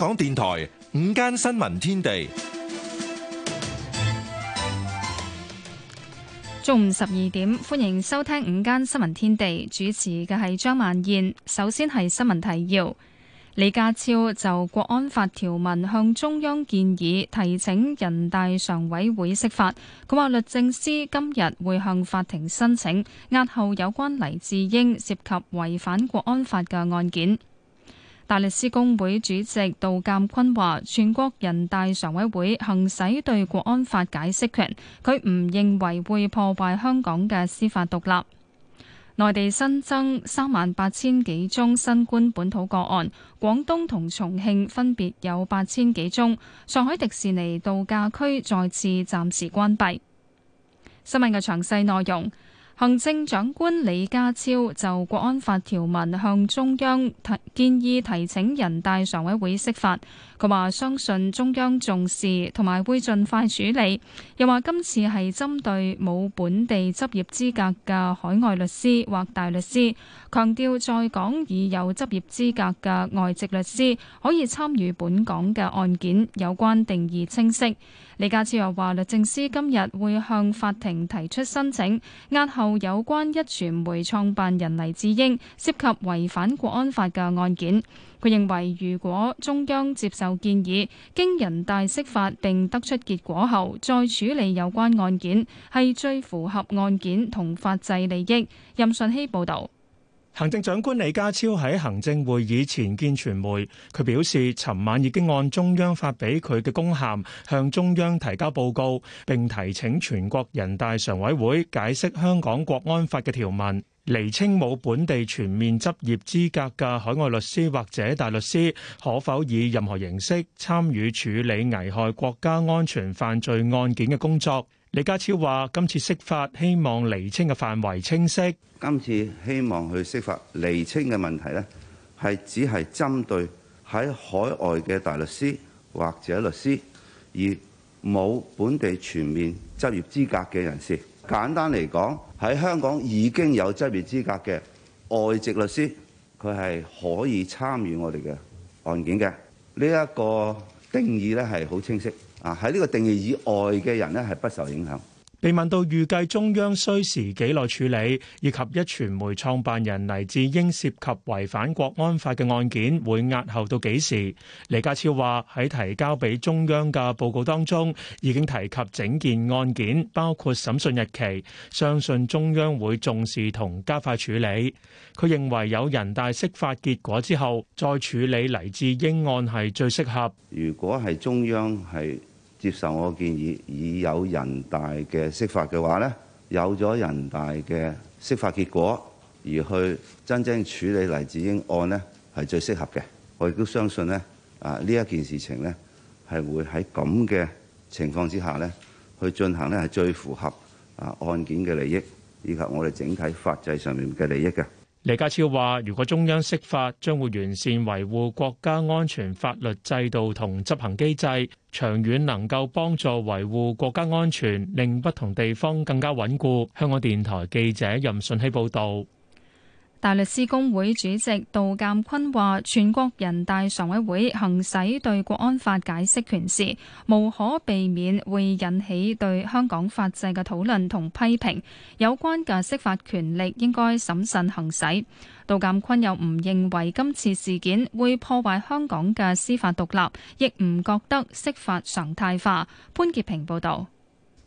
香港電台午間新聞天地，中午十二點，歡迎收聽午間新聞天地，主持嘅係張曼燕。首先係新聞提要，李家超就國安法條文向中央建議提請人大常委會釋法。佢話律政司今日會向法庭申請押後有關黎智英涉及違反國安法嘅案件。大律師工會主席杜鑒坤話，全國人大常委會行使對國安法解釋權，佢唔認為會破壞香港嘅司法獨立。內地新增三萬八千幾宗新冠本土個案，廣東同重慶分別有八千幾宗。上海迪士尼度假區再次暫時關閉。新聞嘅詳細內容。行政長官李家超，就國安法條文向中央建議提請人大常委會釋法。佢話，相信中央重視同埋會盡快處理。又話，今次係針對冇本地執業資格的海外律師或大律師。強調，在港已有執業資格嘅外籍律師可以參與本港嘅案件，有關定義清晰。李家超又話，律政司今日會向法庭提出申請，押後有關一傳媒創辦人黎智英涉及違反國安法嘅案件。佢認為，如果中央接受建議，經人大釋法並得出結果後，再處理有關案件，係最符合案件同法制利益。任信希報導。行政長官李家超喺行政會議前見傳媒,佢表示尋晚已經按中央發俾佢嘅公函向中央提交報告,並提請全國人大常委會解釋香港國安法的條文。釐清冇本地全面執業資格的海外律師或者大律師,可否以任何形式參與處理危害國家安全犯罪案件的工作。李家超話：今次釋法希望釐清嘅範圍清晰。今次希望去釋法釐清嘅問題呢，係只係針對喺海外嘅大律師或者律師，而冇本地全面執業資格嘅人士。簡單嚟講，喺香港已經有執業資格嘅外籍律師，佢係可以參與我哋嘅案件嘅。呢一個定義呢，係好清晰。啊！喺呢個定義以外嘅人呢，係不受影響。被問到預計中央需時幾耐處理，以及壹傳媒創辦人黎智英涉及違反國安法嘅案件會押後到幾時，李家超話喺提交俾中央嘅報告當中已經提及整件案件，包括審訊日期，相信中央會重視同加快處理。佢認為有人大釋法結果之後再處理黎智英案係最適合。如果係中央係，接受我建議已有人大嘅釋法嘅話，呢，有咗人大嘅釋法結果而去真正處理黎智英案呢，係最適合嘅。我亦都相信呢，啊，呢一件事情呢，係會喺咁嘅情況之下呢去進行呢，係最符合啊案件嘅利益以及我哋整體法制上面嘅利益嘅。李家超話，如果中央釋法，將會完善維護國家安全法律制度同執行機制。長遠能夠幫助維護國家安全，令不同地方更加穩固。香港電台記者任順熙報道。大律師公會主席杜淦堃話，全國人大常委會行使對國安法解釋權時，無可避免會引起對香港法制嘅討論同批評，有關嘅釋法權力應該審慎行使。杜鑒坤又唔認為今次事件會破壞香港嘅司法獨立，亦唔覺得釋法常態化。潘潔平報道，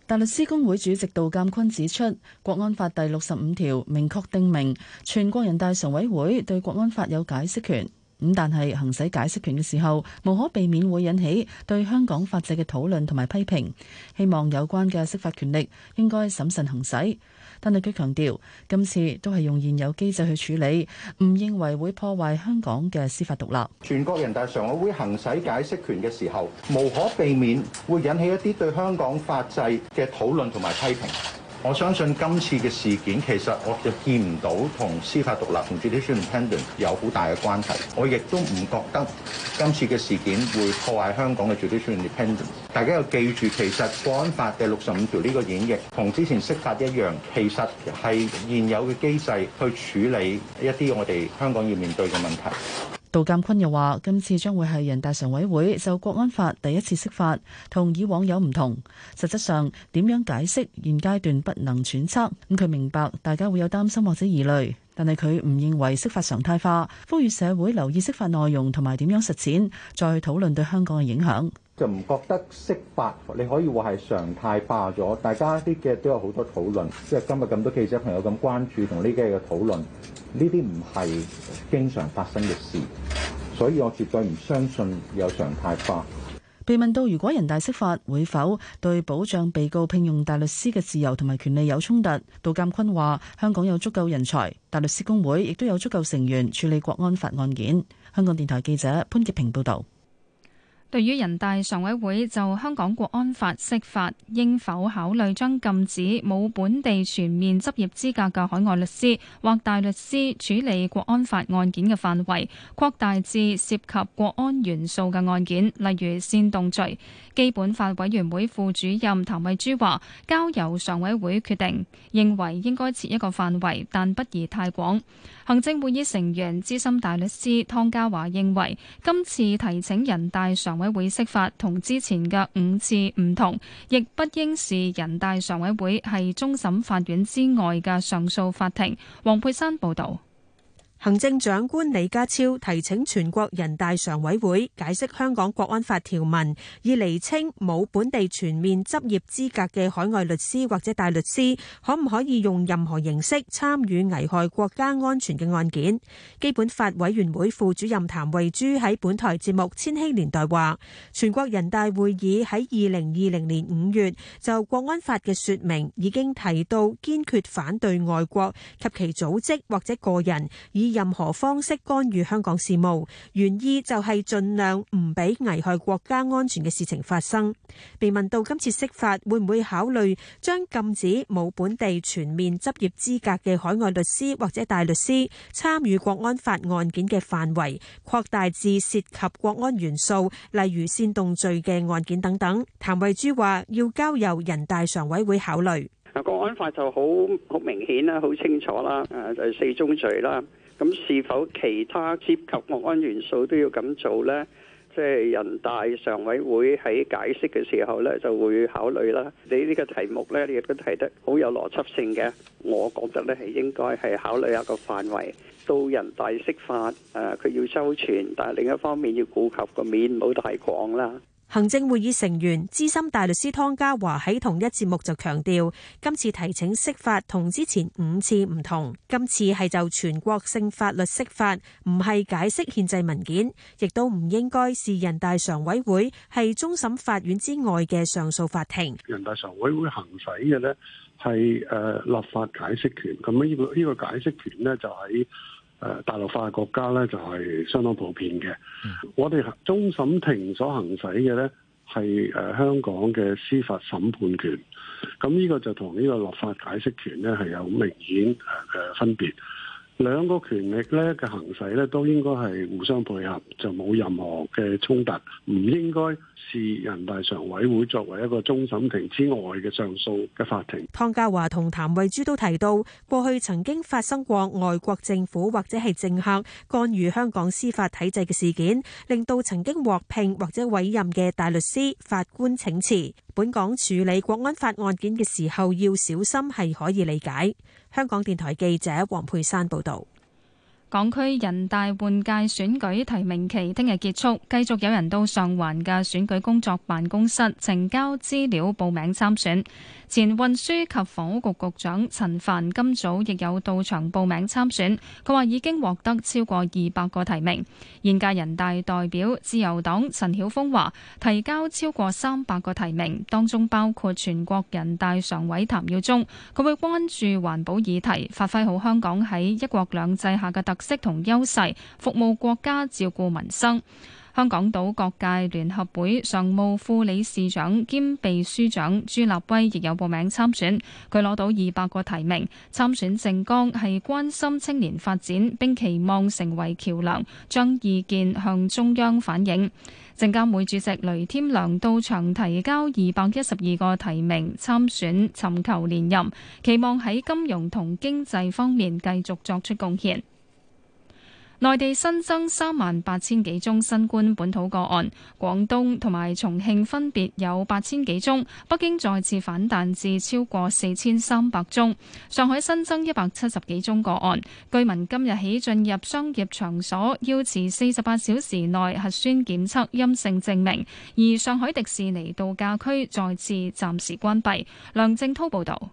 大律師公會主席杜鑒坤指出，《國安法》第六十五條明確定明，全國人大常委會對《國安法》有解釋權。咁但係行使解釋權嘅時候，無可避免會引起對香港法制嘅討論同埋批評。希望有關嘅司法權力應該審慎行使。但係佢強調，今次都係用現有機制去處理，唔認為會破壞香港嘅司法獨立。全國人大常委會行使解釋權嘅時候，無可避免會引起一啲對香港法制嘅討論同埋批評。我相信今次嘅事件其實我就見唔到同司法獨立同 judicial independence 有好大嘅關係，我亦都唔覺得今次嘅事件會破壞香港嘅 judicial independence。大家要記住，其實《國安法》第六十五條呢個演繹同之前釋法一樣，其實，係現有嘅機制去處理一啲我哋香港要面對嘅問題。杜鑒昆又話，今次將會係人大常委會就國安法第一次釋法，同以往有唔同。實質上點樣解釋現階段不能揣測，咁、嗯、佢明白大家會有擔心或者疑慮，但係，佢唔認為釋法常態化，呼籲社會留意釋法內容同埋點樣實踐再討論對香港嘅影響。就唔覺得釋法，你可以話係常態化咗，大家啲嘅都有好多討論，即係今日咁多記者朋友咁關注同呢幾日嘅討論呢啲唔係經常發生嘅事，所以我絕對唔相信有常態化。被問到如果人大釋法會否對保障被告聘用大律師嘅自由同埋權利有衝突，杜鑑坤話香港有足夠人才，大律師公會亦都有足夠成員處理國安法案件。香港電台記者潘潔平報道。對於人大常委會就香港國安法釋法，應否考慮將禁止冇本地全面執業資格嘅海外律師或大律師處理國安法案件嘅範圍擴大至涉及國安元素嘅案件，例如煽動罪？基本法委員會副主任譚惠珠話：交由常委會決定，認為應該設一個範圍，但不宜太廣。行政會議成員資深大律師湯家驊認為，今次提請人大常委會釋法同之前嘅五次唔同，亦不應視人大常委會係終審法院之外嘅上訴法庭。黃佩珊報導。行政長官李家超提請全國人大常委會解釋香港國安法條文，以釐清冇本地全面執業資格嘅海外律師或者大律師，可唔可以用任何形式參與危害國家安全嘅案件。基本法委員會副主任譚惠珠喺本台節目《千禧年代》話，全國人大會議喺二零二零年五月就國安法嘅說明已經提到，堅決反對外國及其組織或者個人以任何方式干預香港事務，原意就係盡量唔俾危害國家安全嘅事情發生。被問到今次釋法會唔會考慮將禁止冇本地全面執業資格嘅海外律師或者大律師參與國安法案件嘅範圍擴大至涉及國安元素，例如煽動罪嘅案件等等，譚慧珠話要交由人大常委會考慮。國安法就好好明顯啦，好清楚啦，誒就係四宗罪啦。咁是否其他涉及國安元素都要咁做咧？即係人大常委會喺解釋嘅時候咧，就會考慮啦。你呢個題目咧，你亦都提得好有邏輯性嘅。我覺得咧，係應該係考慮一個範圍到人大釋法，誒、啊，佢要周全，但係另一方面要顧及個面，唔好太廣啦。行政會議成員資深大律師湯家驊喺同一節目就強調，今次提請釋法同之前五次唔同，今次係就全國性法律釋法，唔係解釋憲制文件，亦都唔應該是人大常委會係終審法院之外嘅上訴法庭。人大常委會行使嘅呢係誒立法解釋權，咁呢個呢個解釋權呢、就是，就喺。誒大陸法嘅國家咧，就係相當普遍嘅。嗯、我哋終審庭所行使嘅咧，係誒香港嘅司法審判權。咁呢個就同呢個立法解釋權咧，係有明顯誒分別。兩個權力咧嘅行使咧，都應該係互相配合，就冇任何嘅衝突，唔應該視人大常委會作為一個終審庭之外嘅上訴嘅法庭。湯家華同譚慧珠都提到，過去曾經發生過外國政府或者係政客干預香港司法體制嘅事件，令到曾經獲聘或者委任嘅大律師、法官請辭。本港處理國安法案件嘅時候要小心，係可以理解。香港電台記者黃佩珊報道。港區人大換屆選舉提名期聽日結束，繼續有人到上環嘅選舉工作辦公室呈交資料報名參選。前運輸及房屋局局長陳凡今早亦有到場報名參選，佢話已經獲得超過二百個提名。現屆人大代表自由黨陳曉峰話提交超過三百個提名，當中包括全國人大常委譚耀宗，佢會關注環保議題，發揮好香港喺一國兩制下嘅特色同優勢，服務國家照顧民生。香港島各界聯合會常務副理事長兼秘書長朱立威亦有報名參選，佢攞到二百個提名，參選政綱係關心青年發展，並期望成為橋樑，將意見向中央反映。證監會主席雷添良到場提交二百一十二個提名參選，尋求連任，期望喺金融同經濟方面繼續作出貢獻。內地新增三萬八千幾宗新冠本土個案，廣東同埋重慶分別有八千幾宗，北京再次反彈至超過四千三百宗。上海新增一百七十幾宗個案，居民今日起進入商業場所要持四十八小時內核酸檢測陰性證明，而上海迪士尼度假區再次暫時關閉。梁正滔報導。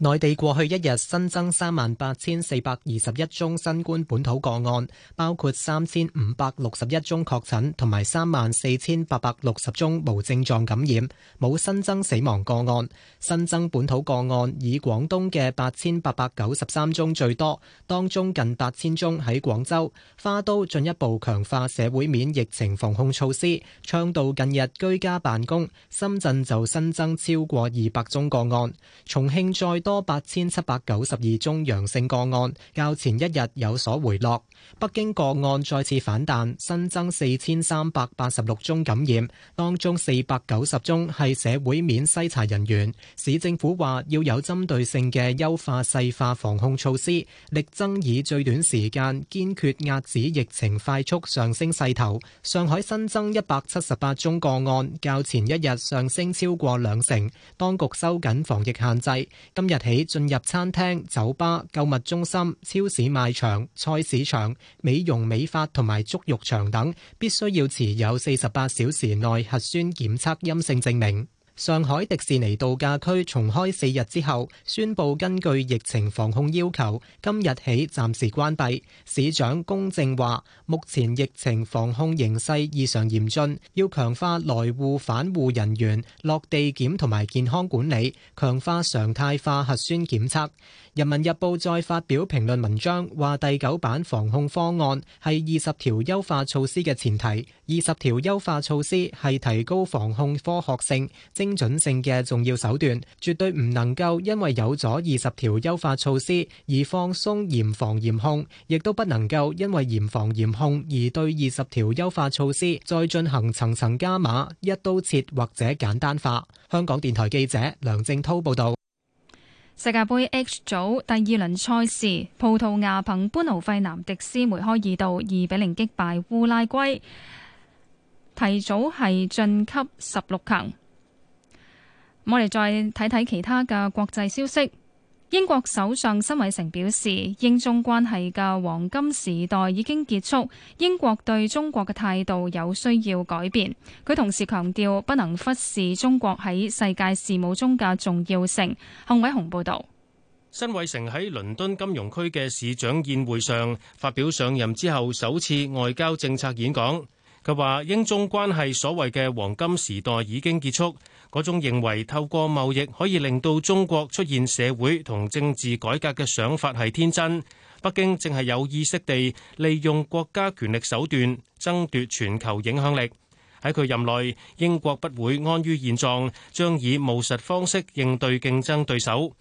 內地過去一日新增三萬八千四百二十一宗新冠本土個案，包括三千五百六十一宗確診同埋三萬四千八百六十宗無症狀感染，冇新增死亡個案。新增本土個案以廣東嘅八千八百九十三宗最多，當中近八千宗喺廣州，花都進一步強化社會面疫情防控措施，倡導近日居家辦公。深圳就新增超過二百宗個案，重慶再多八千七百九十二宗陽性個案，較前一日有所回落。北京個案再次反彈，新增四千三百八十六宗感染，當中四百九十宗係社會面篩查人員。市政府話要有針對性嘅優化細化防控措施，力爭以最短時間堅決遏止疫情快速上升勢頭。上海新增一百七十八宗個案，較前一日上升超過兩成，當局收緊防疫限制，今日起進入餐廳、酒吧、購物中心、超市賣場、菜市場、美容美髮同埋足浴場等，必須要持有四十八小時內核酸檢測陰性證明。上海迪士尼度假區重開四日之後宣布，根據疫情防控要求，今日起暫時關閉，市長龔正話目前疫情防控形勢異常嚴峻，要強化來滬返滬人員落地檢同埋健康管理，強化常態化核酸檢測，人民日報再發表評論文章，話第九版防控方案係二十條優化措施嘅前提，二十條優化措施係提高防控科學性。精準性嘅重要手段，絕對唔能夠因為有咗二十條優化措施而放鬆嚴防嚴控，亦都不能夠因為嚴防嚴控而對二十條優化措施再進行層層加碼、一刀切或者簡單化。香港電台記者梁正濤報道。世界杯 H 組第二輪賽事，葡萄牙憑般奴費南迪斯梅開二度，二比零擊敗烏拉圭，提早係晉級十六強。我哋再睇睇其他嘅國際消息。英國首相辛偉誠表示，英中關係嘅黃金時代已經結束，英國對中國嘅態度有需要改變。佢同時強調，不能忽視中國喺世界事務中嘅重要性。康偉雄報導。辛偉誠喺倫敦金融區嘅市長宴會上發表上任之後首次外交政策演講。佢話：英中關係所謂嘅黃金時代已經結束，嗰種認為透過貿易可以令到中國出現社會同政治改革嘅想法係天真。北京正係有意識地利用國家權力手段爭奪全球影響力。喺佢任內，英國不會安於現狀，將以務實方式應對競爭對手。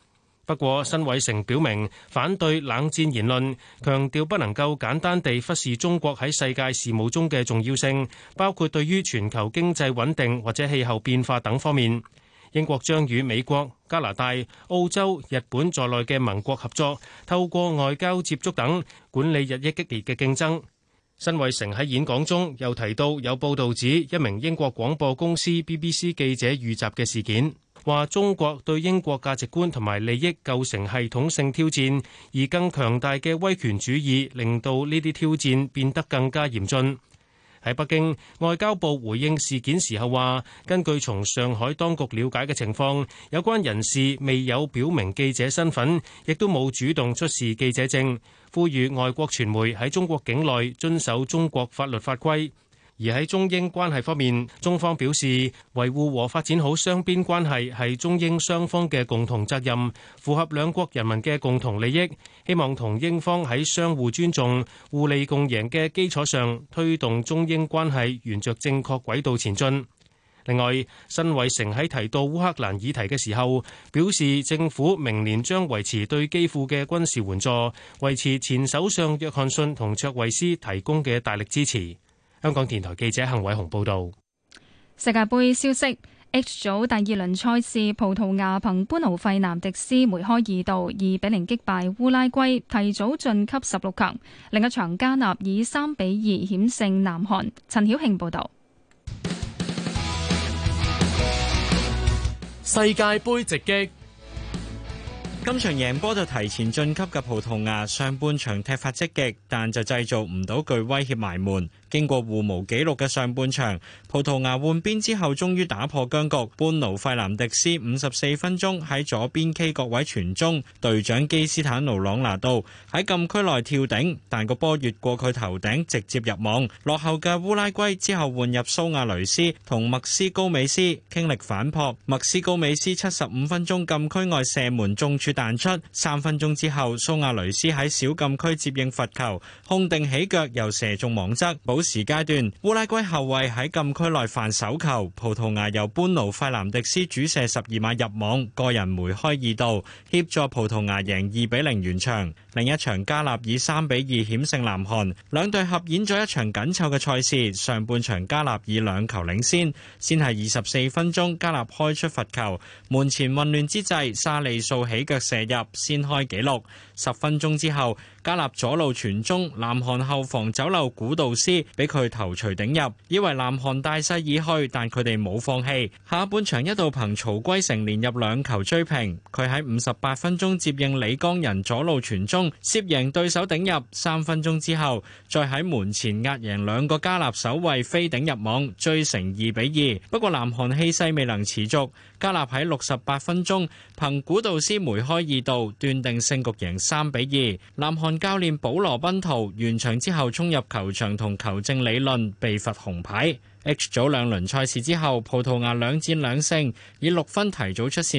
不過，辛偉誠表明反對冷戰言論，強調不能夠簡單地忽視中國喺世界事務中嘅重要性，包括對於全球經濟穩定或者氣候變化等方面。英國將與美國、加拿大、澳洲、日本在內嘅盟國合作，透過外交接觸等管理日益激烈嘅競爭。辛偉誠喺演講中又提到，有報導指一名英國廣播公司 BBC 記者遇襲嘅事件。話中國對英國價值觀同埋利益構成系統性挑戰，而更強大嘅威權主義令到呢啲挑戰變得更加嚴峻。喺北京，外交部回應事件時候話，根據從上海當局了解嘅情況，有關人士未有表明記者身份，亦都冇主動出示記者證，呼籲外國傳媒喺中國境內遵守中國法律法規。而喺中英關係方面，中方表示維護和發展好雙邊關係係中英雙方嘅共同責任，符合兩國人民嘅共同利益。希望同英方喺相互尊重、互利共贏嘅基礎上推動中英關係沿着正確軌道前進。另外，辛偉誠喺提到烏克蘭議題嘅時候，表示政府明年將維持對基輔嘅軍事援助，維持前首相約翰遜同卓慧思提供嘅大力支持。香港電台記者陳偉雄報道。世界盃消息：H 組第二輪賽事，葡萄牙憑般奴費南迪斯梅開二度，二比零擊敗烏拉圭，提早晉級十六強。另一場加納以三比二險勝南韓。陳曉慶報道。世界盃直擊，今場贏波就提前晉級嘅葡萄牙，上半場踢法積極，但就製造唔到具威脅埋門。經過互無紀錄嘅上半場，葡萄牙換邊之後，終於打破僵局。班奴費南迪斯五十四分鐘喺左邊 K 角位傳中，隊長基斯坦奴朗拿度喺禁區內跳頂，但個波越過佢頭頂直接入網。落後嘅烏拉圭之後換入蘇亞雷斯同麥斯高美斯傾力反撲。麥斯高美斯七十五分鐘禁區外射門中柱彈出，三分鐘之後蘇亞雷斯喺小禁區接應罰球，控定起腳又射中網側。補時階段，烏拉圭後衛喺禁區內犯，手球，葡萄牙由班奴費南迪斯主射十二碼入網，個人梅開二度，協助葡萄牙贏二比零完場。另一場加納以三比二險勝南韓，兩隊合演咗一場緊湊嘅賽事。上半場加納以兩球領先，先係二十四分鐘加納開出罰球，門前混亂之際，沙利素起腳射入，先開紀錄。十分鐘之後。加納左路傳中，南韓後防走漏古道斯，俾佢頭錘頂入。以為南韓大勢已去，但佢哋冇放棄。下半場一度憑曹圭成連入兩球追平。佢喺五十八分鐘接應李江仁左路傳中，涉贏對手頂入。三分鐘之後，再喺門前壓贏兩個加納守衛飛頂入網，追成二比二。不過南韓氣勢未能持續。加納喺六十八分鐘憑古道斯梅開二度，斷定勝局，贏三比二。南韓教練保羅賓圖完場之後衝入球場同球證理論，被罰紅牌。H 組兩輪賽事之後，葡萄牙兩戰兩勝，以六分提早出線。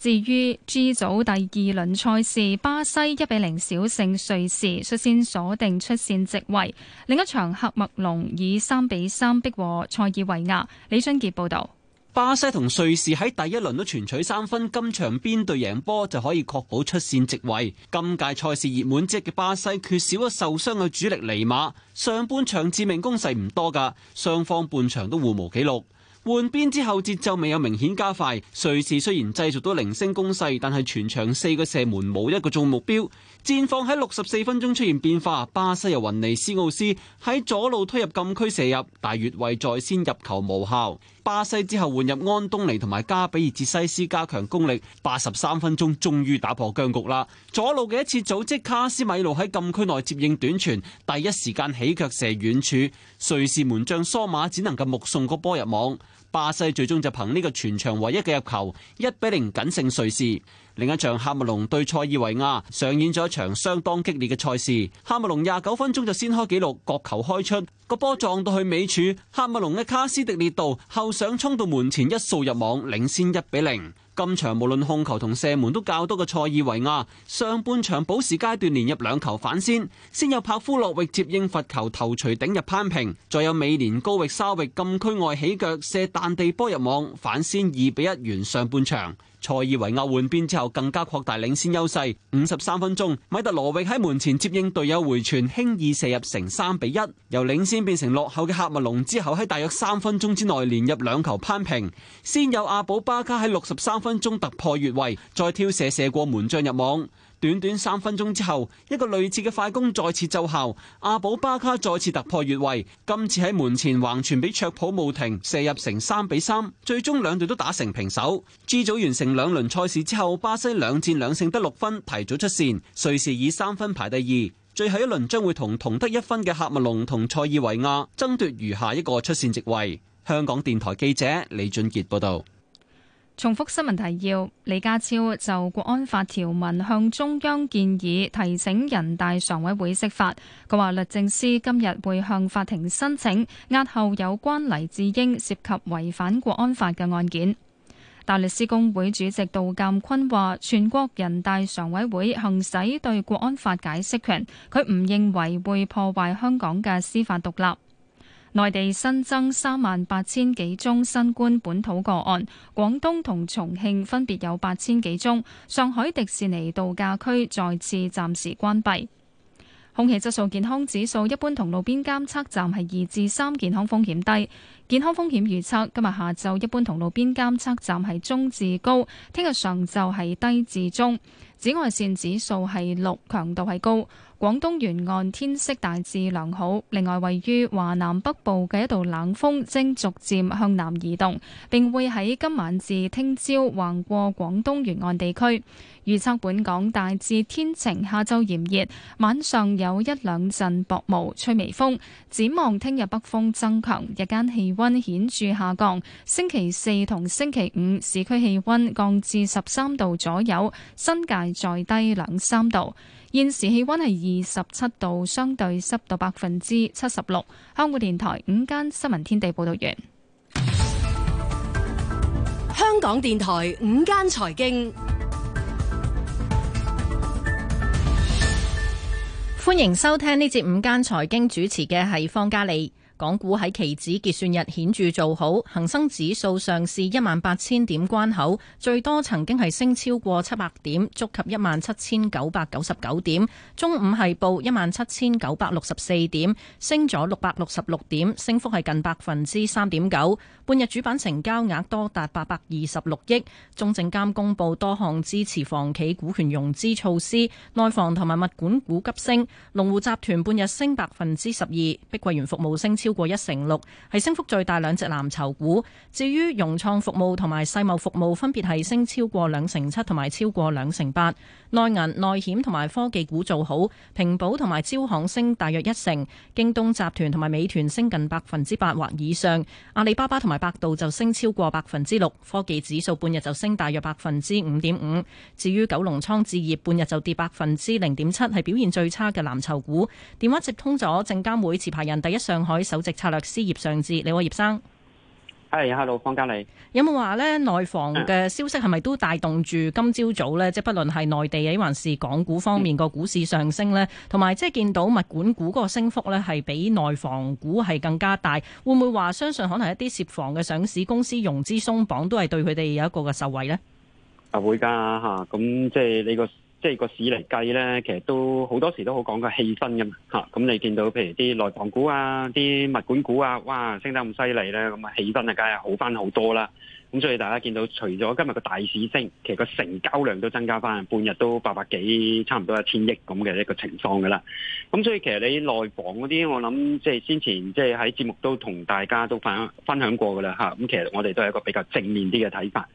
至於 G 組第二輪賽事，巴西一比零小勝瑞士，率先鎖定出線席位。另一場，喀麥隆以三比三逼和塞爾維亞。李俊傑報導。巴西同瑞士喺第一輪都全取三分，今場邊隊贏波就可以確保出線席位。今屆賽事熱門之一嘅巴西，缺少咗受傷嘅主力尼馬，上半場致命攻勢唔多㗎，雙方半場都互無紀錄。換邊之後節奏未有明顯加快，瑞士雖然製造到零星攻勢，但係全場四個射門冇一個中目標。戰況喺六十四分鐘出現變化，巴西由雲尼斯奧斯喺左路推入禁區射入，但越位在先入球無效。巴西之後換入安東尼同埋加比爾捷西斯加強攻力，八十三分鐘終於打破僵局啦！左路嘅一次組織，卡斯米路喺禁區內接應短傳，第一時間起腳射遠處，瑞士門將梳馬只能夠目送個波入網。巴西最終就憑呢個全場唯一嘅入球，一比零僅勝瑞士。另一場喀麥隆對塞爾維亞上演咗一場相當激烈嘅賽事。喀麥隆廿九分鐘就先開紀錄，角球開出，個波撞到去尾柱。喀麥隆嘅卡斯迪列度後上衝到門前一掃入網，領先一比零。今場無論控球同射門都較多嘅塞爾維亞，上半場補時階段連入兩球反先，先有帕夫洛域接應罰球頭錘頂入攀平，再有美連高域沙域禁區外起腳射彈地波入網，反先二比一完上半場。賽爾維亞換邊之後，更加擴大領先優勢。五十三分鐘，米特羅維奇喺門前接應隊友回傳，輕易射入，成三比一。由領先變成落後嘅喀麥隆之後，喺大約三分鐘之內連入兩球，攀平。先有阿寶巴卡喺六十三分鐘突破越位，再挑射射過門將入網。短短三分鐘之後，一個類似嘅快攻再次奏效，阿保巴卡再次突破越位，今次喺門前橫傳俾卓普慕廷射入成三比三，最終兩隊都打成平手。G 組完成兩輪賽事之後，巴西兩戰兩勝得六分，提早出線；瑞士以三分排第二，最後一輪將會同同得一分嘅喀麥隆同塞爾維亞爭奪餘下一個出線席位。香港電台記者李俊傑報道。重複新聞提要：李家超就國安法條文向中央建議提請人大常委會釋法。佢話律政司今日會向法庭申請押後有關黎智英涉及違反國安法嘅案件。大律師公會主席杜鑑坤話：全國人大常委會行使對國安法解釋權，佢唔認為會破壞香港嘅司法獨立。內地新增三萬八千幾宗新冠本土個案，廣東同重慶分別有八千幾宗。上海迪士尼度假區再次暫時關閉。空氣質素健康指數一般同路邊監測站係二至三，健康風險低。健康風險預測今日下晝一般同路邊監測站係中至高，聽日上晝係低至中。紫外線指數係六，強度係高。廣東沿岸天色大致良好，另外位於華南北部嘅一道冷鋒正逐漸向南移動，並會喺今晚至聽朝橫過廣東沿岸地區。預測本港大致天晴，下晝炎熱，晚上有一兩陣薄霧，吹微風。展望聽日北風增強，日間氣溫顯著下降。星期四同星期五市區氣溫降至十三度左右，新界再低兩三度。現時氣溫係二十七度，相對濕度百分之七十六。香港電台午間新聞天地報道。完，香港電台午間財經，歡迎收聽呢節午間財經，主持嘅係方嘉莉。港股喺期指結算日顯著做好，恒生指數上試一萬八千點關口，最多曾經係升超過七百點，觸及一萬七千九百九十九點。中午係報一萬七千九百六十四點，升咗六百六十六點，升幅係近百分之三點九。半日主板成交額多達八百二十六億。中證監公布多項支持房企股權融資措施，內房同埋物管股急升，龍湖集團半日升百分之十二，碧桂園服務升超。超過一成六，係升幅最大兩隻藍籌股。至於融創服務同埋世茂服務，分別係升超過兩成七同埋超過兩成八。內銀、內險同埋科技股做好，平保同埋招行升大約一成。京東集團同埋美團升近百分之八或以上。阿里巴巴同埋百度就升超過百分之六。科技指數半日就升大約百分之五點五。至於九龍倉置業半日就跌百分之零點七，係表現最差嘅藍籌股。電話接通咗證監會持牌人第一上海首。值策略師葉尚志，你好，葉生，係，hello，方嘉利，有冇話呢內房嘅消息係咪都帶動住今朝早，早呢？嗯、即係不論係內地還是港股方面個股市上升呢？同埋即係見到物管股嗰個升幅呢，係比內房股係更加大，會唔會話相信可能一啲涉房嘅上市公司融資鬆綁都係對佢哋有一個嘅受惠呢？啊，會噶吓，咁即係呢個。即係個市嚟計咧，其實都好多時都好講個氣氛噶嘛嚇。咁你見到譬如啲內房股啊、啲物管股啊，哇，升得咁犀利咧，咁啊氣氛啊，梗係好翻好多啦。咁所以大家見到除咗今日個大市升，其實個成交量都增加翻，半日都八百幾，差唔多一千億咁嘅一個情況噶啦。咁所以其實你內房嗰啲，我諗即係先前即係喺節目都同大家都分分享過噶啦嚇。咁其實我哋都係一個比較正面啲嘅睇法。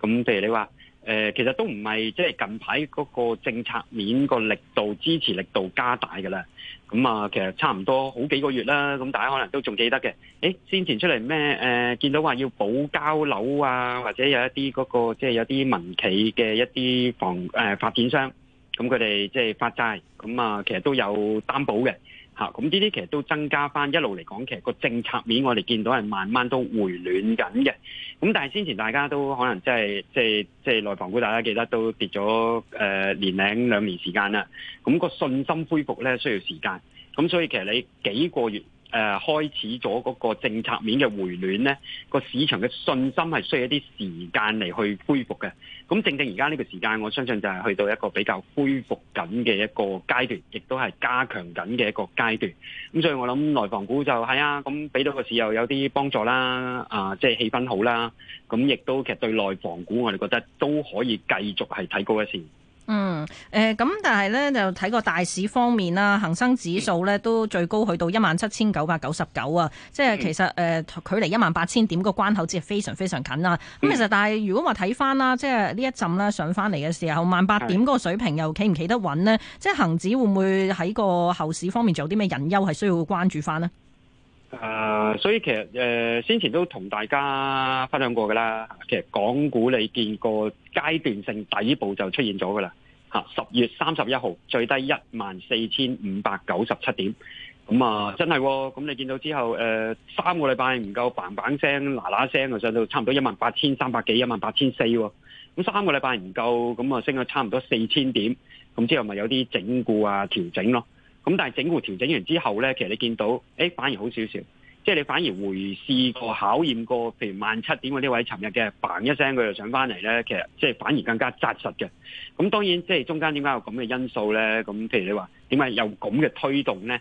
咁譬如你話。誒，其實都唔係，即係近排嗰個政策面個力度支持力度加大嘅啦。咁啊，其實差唔多好幾個月啦。咁大家可能都仲記得嘅。誒、欸，先前出嚟咩？誒、呃，見到話要保交樓啊，或者有一啲嗰、那個即係、就是、有啲民企嘅一啲房誒、呃、發展商，咁佢哋即係發債，咁啊，其實都有擔保嘅。嚇，咁呢啲其實都增加翻，一路嚟講，其實個政策面我哋見到係慢慢都回暖緊嘅。咁、嗯、但係先前大家都可能即係即係即係內房股，大家記得都跌咗誒、呃、年零兩年時間啦。咁、嗯，個信心恢復咧需要時間，咁、嗯、所以其實你幾個月。誒、呃，開始咗嗰個政策面嘅回暖，呢個市場嘅信心係需要一啲時間嚟去恢復嘅。咁正正而家呢個時間，我相信就係去到一個比較恢復緊嘅一個階段，亦都係加強緊嘅一個階段。咁所以我諗內房股就係、是、啊，咁俾到個市又有啲幫助啦。啊，即、就、係、是、氣氛好啦。咁亦都其實對內房股我哋覺得都可以繼續係睇高一線。嗯，誒、呃，咁但係咧就睇個大市方面啦，恒生指數咧都最高去到一萬七千九百九十九啊，即係其實誒，佢離一萬八千點個關口即係非常非常近啦。咁、啊、其實但係如果話睇翻啦，即係呢一陣咧上翻嚟嘅時候，萬八點嗰個水平又企唔企得穩呢？即係恒指會唔會喺個後市方面仲有啲咩隱憂係需要關注翻呢？誒、呃，所以其實誒、呃，先前都同大家分享過噶啦。其實港股你見個階段性底部就出現咗噶啦。吓、啊，十月三十一號最低一萬四千五百九十七點，咁啊真係、哦。咁你見到之後，誒、呃，三個禮拜唔夠，嘭嘭聲嗱嗱聲啊，上到差唔多一萬八千三百幾，一萬八千四。咁三個禮拜唔夠，咁、呃、啊、呃呃、升咗差唔多四千點。咁之後咪有啲整固啊，調整咯。咁、嗯、但係整個調整完之後咧，其實你見到，誒、欸、反而好少少，即係你反而回試過、考驗過，譬如萬七點嗰啲位，尋日嘅嘣一聲佢就上翻嚟咧，其實即係反而更加紮實嘅。咁、嗯、當然即係中間點解有咁嘅因素咧？咁、嗯、譬如你話點解有咁嘅推動咧？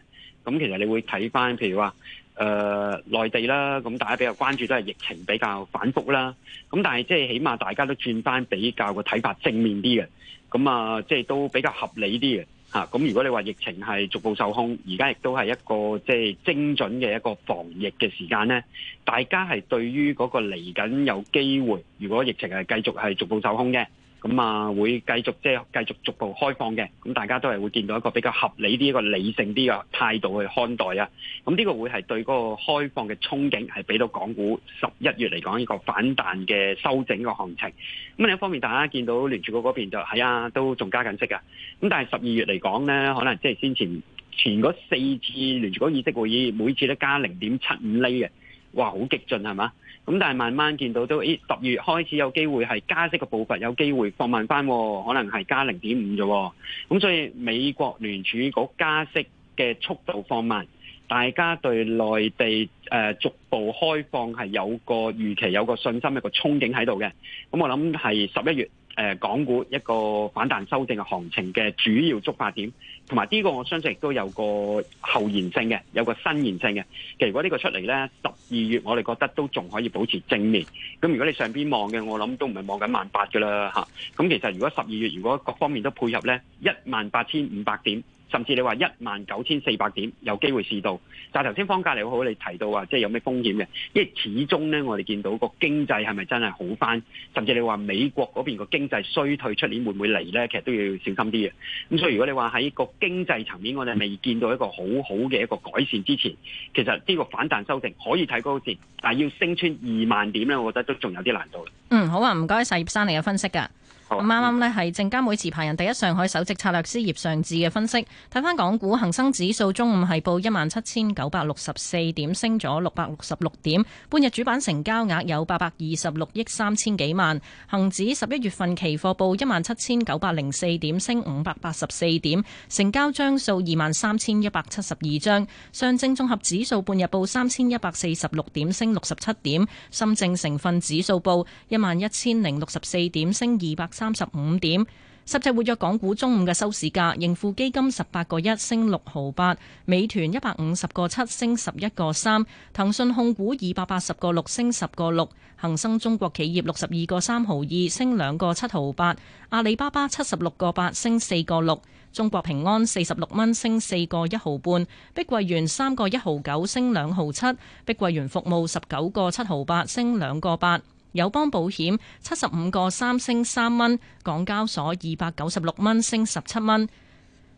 咁、嗯、其實你會睇翻，譬如話誒、呃、內地啦，咁、嗯、大家比較關注都係疫情比較反覆啦。咁、嗯、但係即係起碼大家都轉翻比較個睇法正面啲嘅，咁、嗯、啊即係都比較合理啲嘅。吓！咁如果你話疫情係逐步受控，而家亦都係一個即係精準嘅一個防疫嘅時間咧，大家係對於嗰個嚟緊有機會，如果疫情係繼續係逐步受控嘅。咁啊、嗯，會繼續即係繼續逐步開放嘅，咁、嗯、大家都係會見到一個比較合理啲、一個理性啲嘅態度去看待啊。咁、嗯、呢、這個會係對嗰個開放嘅憧憬，係俾到港股十一月嚟講呢個反彈嘅修整個行情。咁、嗯、另一方面，大家見到聯儲局嗰邊就係啊，都仲加緊息啊。咁、嗯、但係十二月嚟講咧，可能即係先前前嗰四次聯儲局議息會議，每次都加零點七五厘嘅，哇，好激進，係嘛？咁但係慢慢見到都，咦，十月開始有機會係加息嘅步伐有機會放慢翻，哦，可能係加零點五啫。咁所以美國聯儲局加息嘅速度放慢，大家對內地誒，呃，逐步開放係有個預期，有個信心，有個憧憬喺度嘅。咁我諗係十一月。誒、呃、港股一個反彈修正嘅行情嘅主要觸發點，同埋呢個我相信亦都有個後延性嘅，有個新延性嘅。其實如果呢個出嚟呢，十二月我哋覺得都仲可以保持正面。咁如果你上邊望嘅，我諗都唔係望緊萬八嘅啦嚇。咁、啊、其實如果十二月如果各方面都配合呢，一萬八千五百點。甚至你話一萬九千四百點有機會試到，但係頭先方介嚟好，你提到話即係有咩風險嘅，因為始終咧，我哋見到個經濟係咪真係好返？甚至你話美國嗰邊個經濟衰退出年會唔會嚟咧？其實都要小心啲嘅。咁所以如果你話喺個經濟層面，我哋未見到一個好好嘅一個改善之前，其實呢個反彈收成可以睇高線，但係要升穿二萬點咧，我覺得都仲有啲難度。嗯，好啊，唔該晒，葉生嚟嘅分析㗎、啊。啱啱呢，係證監會持牌人第一上海首席策略師葉尚志嘅分析。睇翻，港股恒生指數，中午係報一萬七千九百六十四點，升咗六百六十六點。半日主板成交額有八百二十六億三千幾萬。恒指十一月份期貨報一萬七千九百零四點，升五百八十四點，成交張數二萬三千一百七十二張。上證綜合指數半日報三千一百四十六點，升六十七點。深證成分指數報一萬一千零六十四點，升二百。三十五點，十隻活躍港股中午嘅收市價，盈富基金十八個一升六毫八，美團一百五十個七升十一個三，騰訊控股二百八十個六升十個六，恒生中國企業六十二個三毫二升兩個七毫八，阿里巴巴七十六個八升四個六，中國平安四十六蚊升四個一毫半，碧桂園三個一毫九升兩毫七，碧桂園服務十九個七毫八升兩個八。友邦保險七十五個三升三蚊，港交所二百九十六蚊升十七蚊。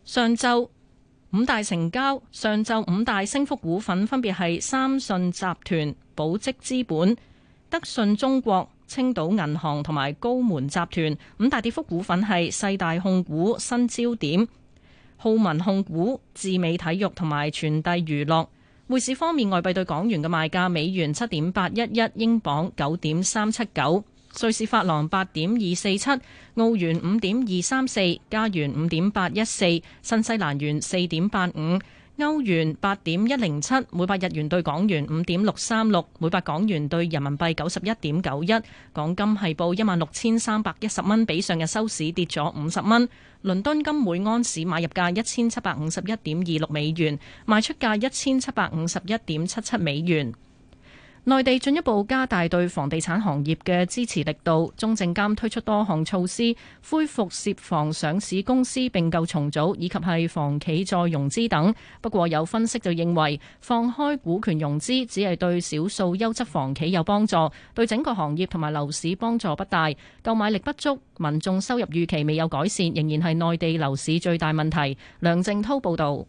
上晝五大成交，上晝五大升幅股份分別係三信集團、寶積資本、德信中國、青島銀行同埋高門集團。五大跌幅股份係世大控股、新焦點、浩文控股、智美體育同埋傳遞娛樂。匯市方面，外幣對港元嘅賣價：美元七點八一一，英鎊九點三七九，瑞士法郎八點二四七，澳元五點二三四，加元五點八一四，新西蘭元四點八五。歐元八點一零七，每百日元對港元五點六三六，每百港元對人民幣九十一點九一。港金係報一萬六千三百一十蚊，比上日收市跌咗五十蚊。倫敦金每安士買入價一千七百五十一點二六美元，賣出價一千七百五十一點七七美元。內地進一步加大對房地產行業嘅支持力度，中證監推出多項措施，恢復涉房上市公司並購重組以及係房企再融資等。不過有分析就認為，放開股權融資只係對少數優質房企有幫助，對整個行業同埋樓市幫助不大。購買力不足，民眾收入預期未有改善，仍然係內地樓市最大問題。梁正滔報導。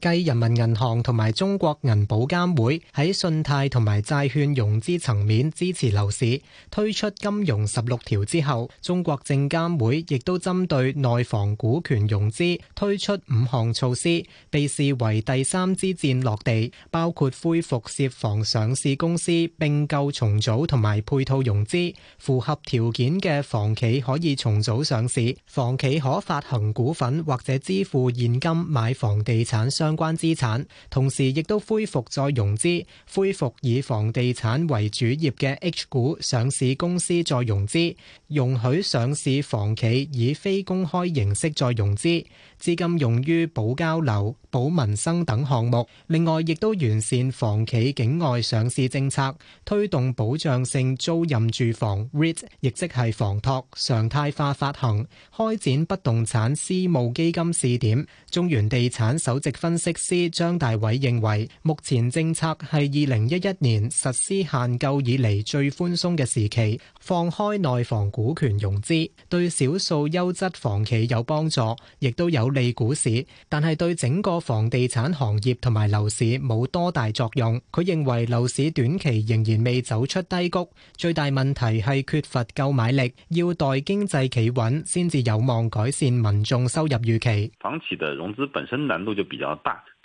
繼人民銀行同埋中國銀保監會喺信貸同埋債券融資層面支持樓市推出金融十六條之後，中國證監會亦都針對內房股權融資推出五項措施，被視為第三支箭落地。包括恢復涉房上市公司併購重組同埋配套融資，符合條件嘅房企可以重組上市，房企可發行股份或者支付現金買房地產商。相關資產，同時亦都恢復再融資，恢復以房地產為主業嘅 H 股上市公司再融資，容許上市房企以非公開形式再融資。資金用於保交樓、保民生等項目，另外亦都完善房企境外上市政策，推動保障性租賃住房 （REITs） 亦即係房託常態化發行，開展不動產私募基金試點。中原地產首席分析師張大偉認為，目前政策係二零一一年實施限購以嚟最寬鬆嘅時期，放開內房股權融資，對少數優質房企有幫助，亦都有。有利股市，但係對整個房地產行業同埋樓市冇多大作用。佢認為樓市短期仍然未走出低谷，最大問題係缺乏購買力，要待經濟企穩先至有望改善民眾收入預期。房企嘅融資本身難度就比較大。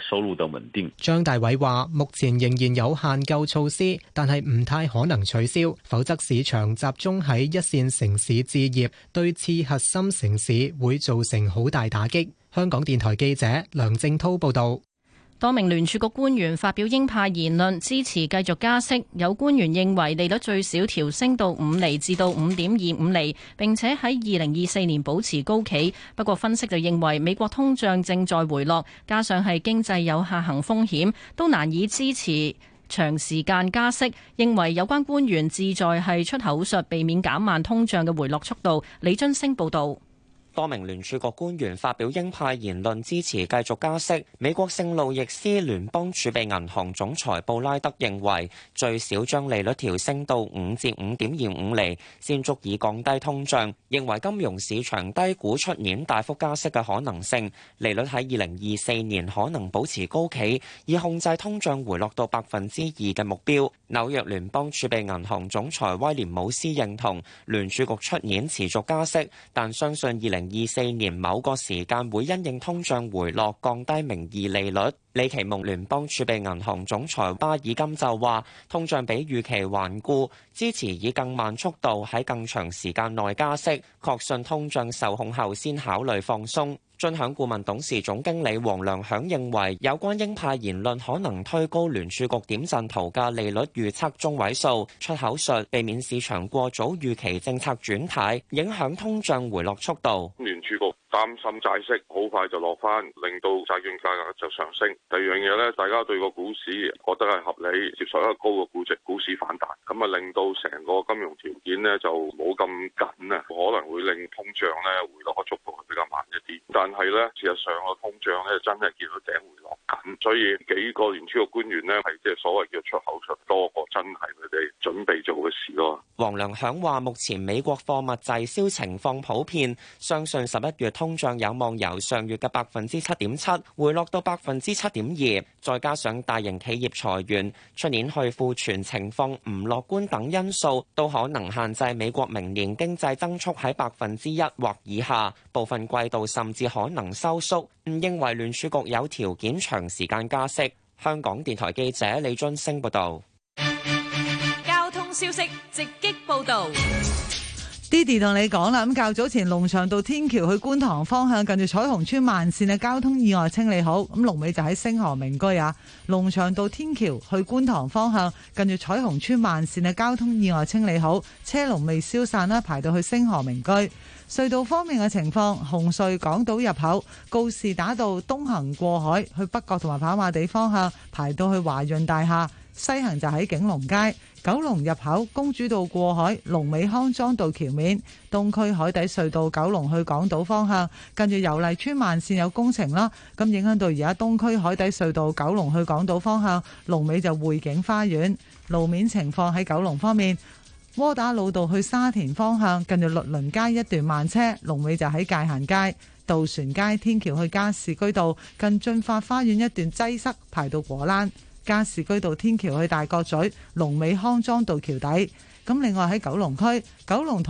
收入就穩定。張大偉話目前仍然有限購措施，但係唔太可能取消，否則市場集中喺一線城市置業對次核心城市會造成好大打擊。香港電台記者梁正濤報道。多名聯儲局官員發表鷹派言論，支持繼續加息。有官員認為利率最少調升到五厘至到五點二五厘，並且喺二零二四年保持高企。不過分析就認為美國通脹正在回落，加上係經濟有下行風險，都難以支持長時間加息。認為有關官員志在係出口術避免減慢通脹嘅回落速度。李津升報導。多名聯儲局官員發表鷹派言論，支持繼續加息。美國聖路易斯聯邦儲備銀行總裁布拉德認為，最少將利率調升到五至五點二五釐，先足以降低通脹。認為金融市場低估出現大幅加息嘅可能性，利率喺二零二四年可能保持高企，以控制通脹回落到百分之二嘅目標。紐約聯邦儲備銀行總裁威廉姆斯認同聯儲局出現持續加息，但相信二零二四年某個時間會因應通脹回落降低名義利率。李奇蒙聯邦儲備銀行總裁巴爾金就話，通脹比預期頑固，支持以更慢速度喺更長時間內加息，確信通脹受控後先考慮放鬆。尊享顧問董事總經理黃良響認為，有關鷹派言論可能推高聯儲局點陣圖嘅利率預測中位數，出口術，避免市場過早預期政策轉態，影響通脹回落速度。聯擔心債息好快就落翻，令到債券價格就上升。第二樣嘢咧，大家對個股市覺得係合理，接受一個高嘅估值，股市反彈，咁啊，令到成個金融條件呢就冇咁緊啊，可能會令通脹咧回落嘅速度比較慢一啲。但係咧，事實上個通脹咧真係見到頂回落緊，所以幾個聯儲嘅官員呢係即係所謂嘅出口出多過真係佢哋準備做嘅事咯。黃良響話：目前美國貨物滯銷情況普遍，相信十一月通。通脹有望由上月嘅百分之七點七回落到百分之七點二，再加上大型企業裁員、出年去庫存情況唔樂觀等因素，都可能限制美國明年經濟增速喺百分之一或以下，部分季度甚至可能收縮。唔認為聯儲局有條件長時間加息。香港電台記者李津升報道。交通消息直擊報道。Didi 同你講啦，咁較早前龍翔道天橋去觀塘方向，近住彩虹村慢線嘅交通意外清理好，咁龍尾就喺星河名居啊。龍翔道天橋去觀塘方向，近住彩虹村慢線嘅交通意外清理好，車龍未消散啦，排到去星河名居。隧道方面嘅情況，紅隧港島入口告士打道東行過海去北角同埋跑馬地方向，排到去華潤大廈；西行就喺景隆街。九龍入口、公主道過海、龍尾康莊道橋面、東區海底隧道九龍去港島方向，近住油麗村慢線有工程啦，咁影響到而家東區海底隧道九龍去港島方向龍尾就匯景花園。路面情況，喺九龍方面，窩打老道去沙田方向，近住律倫街一段慢車龍尾就喺界限街、渡船街天橋去加士居道近駿發花園一段擠塞排到果欄。加士居道天橋去大角咀、龍尾康莊道橋底，咁另外喺九龍區九龍。